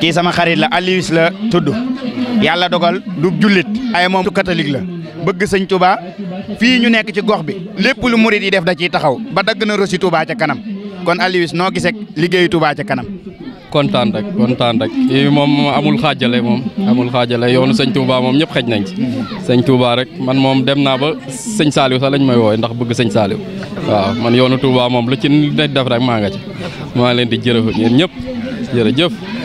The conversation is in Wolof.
kii sama xarit la Alius la tudd yàlla dogal du jullit ay moom katolik la bëgg sëñ Touba fii ñu nekk ci gox bi lépp lu murit yi def da ciy taxaw ba dagg na rosi Touba ca kanam kon Alius noo gisee liggéeyu Touba ca kanam. kontaan rek kontaan rek kii moom amul xaajale moom amul xaajale yoonu sëñ Touba moom ñëpp xaj nañ ci. sëñ Touba rek man moom dem naa ba sëñ Saliou sax lañ may wooye ndax bëgg sëñ Saliou waaw man yoonu Touba moom lu ci def rek maa nga ci leen di jërëjëf yéen ñëpp. jërëjëf